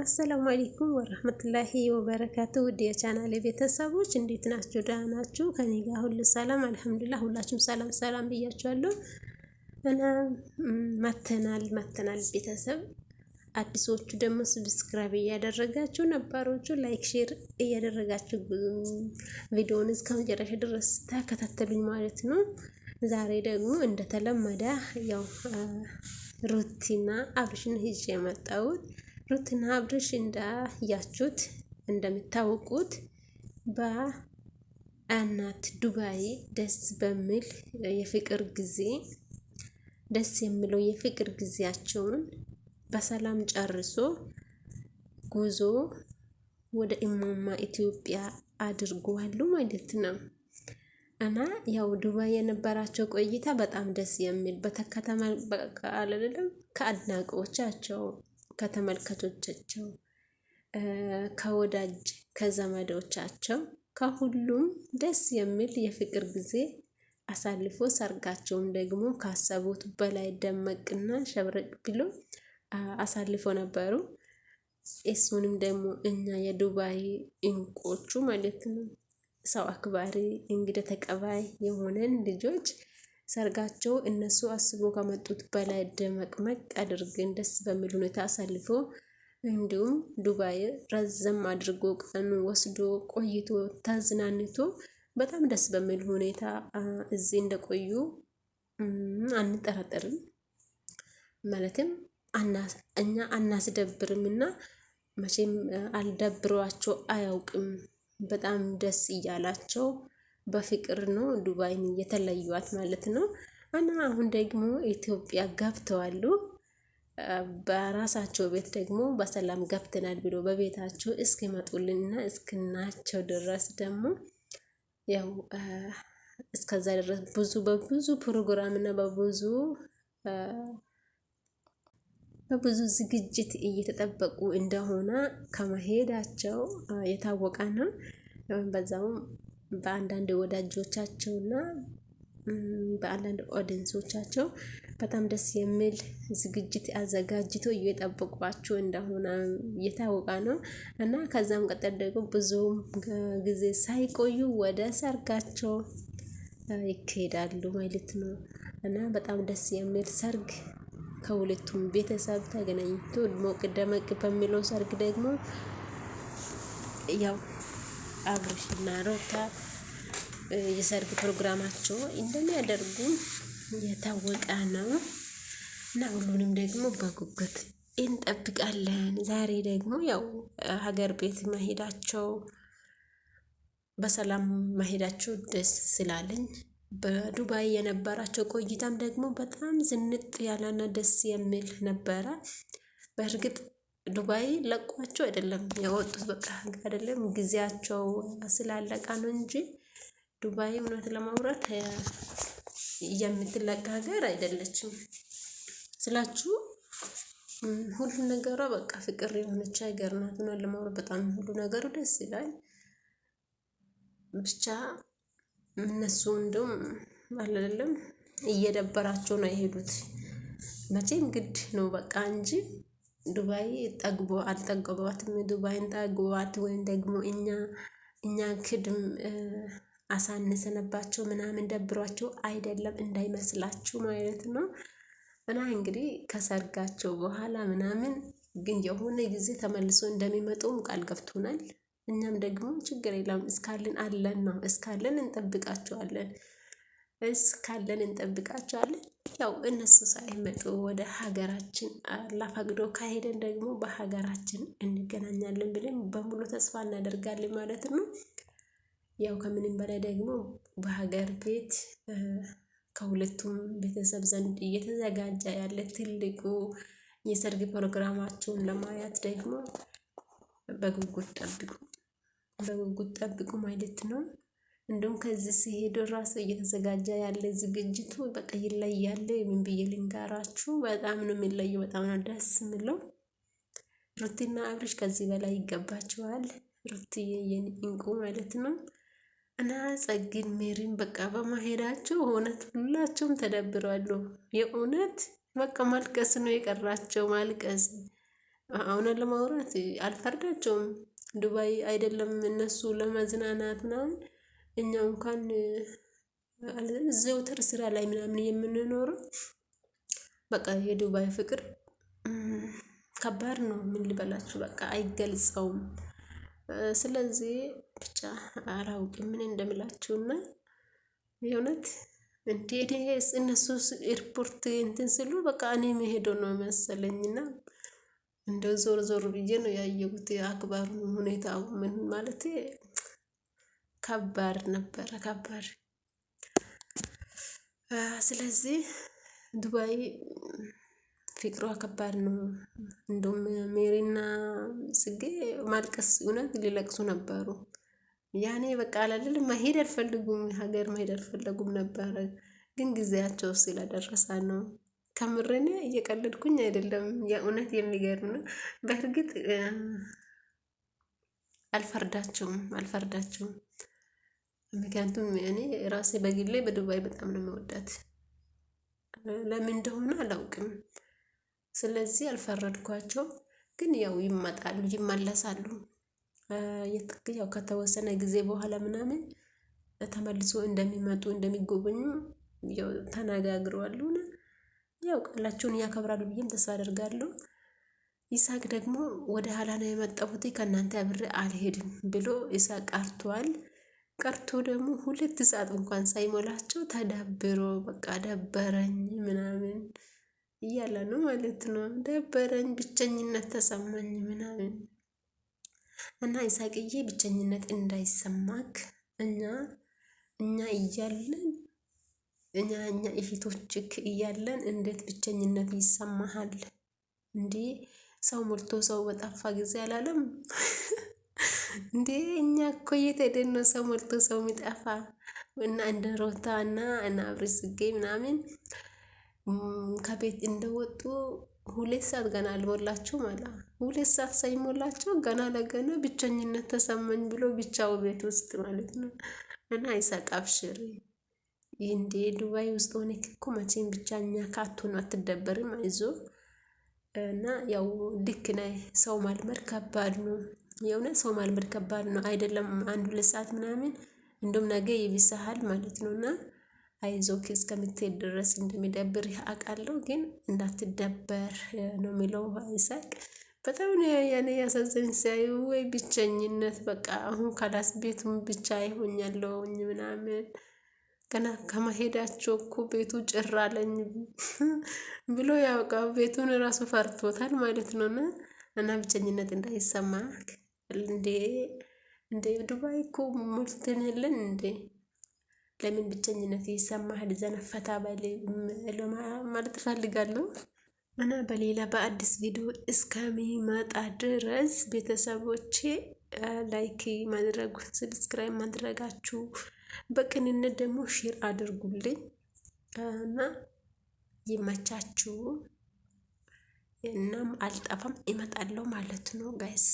አሰላሙ አሌይኩም ወረህመቱላሂ ወበረካቱ ውድ የቻናል ቤተሰቦች እንዴት ናችሁ? ደህና ናችሁ? ከኔ ጋር ሁሉ ሰላም አልሐምዱሊላህ። ሁላችሁም ሰላም ሰላም ብያችኋለሁ እና መተናል መተናል ቤተሰብ አዲሶቹ ደግሞ ሰብስክራይብ እያደረጋችሁ ነባሮቹ ላይክ ሼር እያደረጋችሁ ቪዲዮን እስከ መጨረሻ ድረስ ተከታተሉኝ ማለት ነው። ዛሬ ደግሞ እንደተለመደ ያው ሩቲና አብርሽን ይዤ የመጣሁት ሩትና አብርሽ እንዳያችሁት እንደምታውቁት በአናት ዱባይ ደስ በሚል የፍቅር ጊዜ ደስ የሚለው የፍቅር ጊዜያቸውን በሰላም ጨርሶ ጉዞ ወደ እማማ ኢትዮጵያ አድርጓሉ ማለት ነው። እና ያው ዱባይ የነበራቸው ቆይታ በጣም ደስ የሚል በተከተማ በቃ አለለም ከአድናቂዎቻቸው ከተመልከቶቻቸው፣ ከወዳጅ ከዘመዶቻቸው ከሁሉም ደስ የሚል የፍቅር ጊዜ አሳልፎ ሰርጋቸውም ደግሞ ካሰቡት በላይ ደመቅና ሸብረቅ ብሎ አሳልፎ ነበሩ። እሱንም ደግሞ እኛ የዱባይ እንቆቹ ማለት ነው ሰው አክባሪ እንግዳ ተቀባይ የሆነን ልጆች ሰርጋቸው እነሱ አስቦ ከመጡት በላይ ደመቅመቅ አድርገን ደስ በሚል ሁኔታ አሳልፎ እንዲሁም ዱባይ ረዘም አድርጎ ቀኑ ወስዶ ቆይቶ ተዝናንቶ በጣም ደስ በሚል ሁኔታ እዚህ እንደቆዩ አንጠረጠርም። ማለትም እኛ አናስደብርም እና መቼም አልደብሯቸው አያውቅም። በጣም ደስ እያላቸው በፍቅር ነው ዱባይን እየተለዩዋት ማለት ነው። እና አሁን ደግሞ ኢትዮጵያ ገብተዋሉ። በራሳቸው ቤት ደግሞ በሰላም ገብተናል ብሎ በቤታቸው እስኪመጡልንና እስክናቸው ድረስ ደግሞ ያው እስከዛ ድረስ ብዙ በብዙ ፕሮግራም እና በብዙ በብዙ ዝግጅት እየተጠበቁ እንደሆነ ከመሄዳቸው የታወቀ ነው። በዛውም በአንዳንድ ወዳጆቻቸውና በአንዳንድ ኦዲንሶቻቸው በጣም ደስ የሚል ዝግጅት አዘጋጅቶ እየጠበቋቸው እንደሆነ እየታወቀ ነው እና ከዛም ቀጠል ደግሞ ብዙም ጊዜ ሳይቆዩ ወደ ሰርጋቸው ይካሄዳሉ ማለት ነው እና በጣም ደስ የሚል ሰርግ ከሁለቱም ቤተሰብ ተገናኝቶ ሞቅ ደመቅ በሚለው ሰርግ ደግሞ ያው አብርሽና ሩታ የሰርግ ፕሮግራማቸው እንደሚያደርጉ የታወቀ ነው እና ሁሉንም ደግሞ በጉጉት እንጠብቃለን። ዛሬ ደግሞ ያው ሀገር ቤት መሄዳቸው በሰላም መሄዳቸው ደስ ስላለኝ በዱባይ የነበራቸው ቆይታም ደግሞ በጣም ዝንጥ ያለና ደስ የሚል ነበረ በእርግጥ ዱባይ ለቋቸው አይደለም የወጡት፣ በቃ አይደለም ጊዜያቸው ስላለቃ ነው እንጂ ዱባይ እውነት ለማውራት የምትለቅ ሀገር አይደለችም ስላችሁ ሁሉ ነገሯ በቃ ፍቅር የሆነች ሀገር ናት። እውነት ለማውራት በጣም ሁሉ ነገሩ ደስ ይላል። ብቻ እነሱ እንደውም አይደለም እየደበራቸው ነው የሄዱት። መቼም ግድ ነው በቃ እንጂ ዱባይ ጠግቦ አልጠገቧትም። ዱባይን ጠግቧት ወይም ደግሞ እኛ እኛ ክድም አሳንሰነባቸው ምናምን ደብሯቸው አይደለም እንዳይመስላችሁ ማለት ነው። እና እንግዲህ ከሰርጋቸው በኋላ ምናምን ግን የሆነ ጊዜ ተመልሶ እንደሚመጡም ቃል ገብቶናል። እኛም ደግሞ ችግር የለም እስካለን አለን ነው እስካለን እንጠብቃቸዋለን። እስካለን እንጠብቃቸዋለን። ያው እነሱ ሳይመጡ ወደ ሀገራችን ላፈግዶ ካሄደን ደግሞ በሀገራችን እንገናኛለን ብለን በሙሉ ተስፋ እናደርጋለን ማለት ነው። ያው ከምንም በላይ ደግሞ በሀገር ቤት ከሁለቱም ቤተሰብ ዘንድ እየተዘጋጀ ያለ ትልቁ የሰርግ ፕሮግራማቸውን ለማየት ደግሞ በጉጉት ጠብቁ፣ በጉጉት ጠብቁ ማለት ነው። እንደውም ከዚህ ሲሄድ ራሱ እየተዘጋጀ ያለ ዝግጅቱ በቃ ይለያል። ምን ብዬ ልንጋራችሁ? በጣም ነው የሚለየው። በጣም ነው ደስ የሚለው። ሩቲና አብርሽ ከዚህ በላይ ይገባችኋል። ሩቲ የኔ ማለት ነው እና ጸግን ሜሪን በቃ በማሄዳቸው እውነት ሁላቸውም ተደብረዋል። የእውነት በቃ ማልቀስ ነው የቀራቸው ማልቀስ። እውነት ለማውራት አልፈርዳቸውም። ዱባይ አይደለም እነሱ ለመዝናናት ምናምን እኛ እንኳን ዘውትር ስራ ላይ ምናምን የምንኖር በቃ የዱባይ ፍቅር ከባድ ነው። ምን ልበላችሁ በቃ አይገልጸውም። ስለዚህ ብቻ አላውቅም ምን እንደምላችሁና የእውነት እንዴ እነሱ ኤርፖርት እንትን ስሉ በቃ እኔ መሄዶ ነው መሰለኝና እንደ ዞር ዞር ብዬ ነው ያየሁት። አክባሩ ሁኔታው ምን ማለት ከባድ ነበረ፣ ከባድ። ስለዚህ ዱባይ ፍቅሯ ከባድ ነው። እንደውም ሜሪና ጽጌ ማልቀስ እውነት ሊለቅሱ ነበሩ። ያኔ በቃ አላልል መሄድ አልፈልጉም፣ ሀገር መሄድ አልፈለጉም ነበረ። ግን ጊዜያቸው ስላደረሳ ነው። ከምርኔ እየቀለድኩኝ አይደለም። የእውነት የሚገርም ነው። በእርግጥ አልፈርዳቸውም፣ አልፈርዳቸውም። ምክንያቱም እኔ ራሴ በግሌ በዱባይ በጣም ነው የምወዳት። ለምን እንደሆነ አላውቅም። ስለዚህ አልፈረድኳቸው፣ ግን ያው ይመጣሉ፣ ይመለሳሉ። ያው ከተወሰነ ጊዜ በኋላ ምናምን ተመልሶ እንደሚመጡ እንደሚጎበኙ ያው ተነጋግረዋሉና ያው ቃላቸውን እያከብራሉ ብዬም ተስፋ አደርጋለሁ። ይሳቅ ደግሞ ወደ ኋላ ነው የመጣሁት ከእናንተ አብሬ አልሄድም ብሎ ይሳቅ አርቷል። ቀርቶ ደግሞ ሁለት ሰዓት እንኳን ሳይሞላቸው ተዳብሮ በቃ ደበረኝ ምናምን እያለ ነው ማለት ነው። ደበረኝ፣ ብቸኝነት ተሰማኝ ምናምን እና ይሳቅዬ ብቸኝነት እንዳይሰማክ እኛ እኛ እያለን እኛ እኛ እህቶችክ እያለን እንዴት ብቸኝነት ይሰማሃል? እንዲህ ሰው ሞልቶ ሰው በጠፋ ጊዜ አላለም። እንዴ እኛ እኮ እየተደን ሰው ሞልቶ ሰው የሚጠፋ እና እንደ ሮታ እና እና አብሬሽ ጽጌ ምናምን ከቤት እንደወጡ ሁለት ሰዓት ገና አልሞላቸው ማለት ሁለት ሰዓት ሳይሞላቸው ገና ለገና ብቸኝነት ተሰማኝ ብሎ ብቻው ቤት ውስጥ ማለት ነው። እና ይሳቅ አብሽሪ እንዴ ዱባይ ውስጥ ሆነክ እኮ መቼም ብቻኛ ካቱን አትደበርም። አይዞ እና ያው ልክ ነህ። ሰው ማልመድ ከባድ ነው። የእውነት ሰው ማልመድ ከባድ ነው። አይደለም አንድ ሁለት ሰዓት ምናምን እንደም ነገ ይብስሃል ማለት ነው እና አይዞክ እስከምትሄድ ድረስ እንደሚደብር አውቃለሁ፣ ግን እንዳትደበር ነው የሚለው ይሳቅ። በጣም ያኔ ያሳዘኝ ሲያዩ ወይ ብቸኝነት በቃ አሁን ካላስ ቤቱም ብቻ ይሆኛለውኝ ምናምን ገና ከመሄዳቸው እኮ ቤቱ ጭር አለኝ ብሎ ያውቃ ቤቱን ራሱ ፈርቶታል ማለት ነው እና ብቸኝነት እንዳይሰማ እንዴ እንዴ ዱባይ እኮ ሞልትን የለን እንዴ? ለምን ብቸኝነት ይሰማሃል? ዘነፈታ በል ማለት እፈልጋለሁ። እና በሌላ በአዲስ ቪዲዮ እስከሚመጣ ድረስ ቤተሰቦቼ ላይክ ማድረጉ ሰብስክራይብ ማድረጋችሁ በቅንነት ደግሞ ሼር አድርጉልኝ እና ይመቻችሁ። እናም አልጠፋም እመጣለሁ ማለት ነው ጋይስ።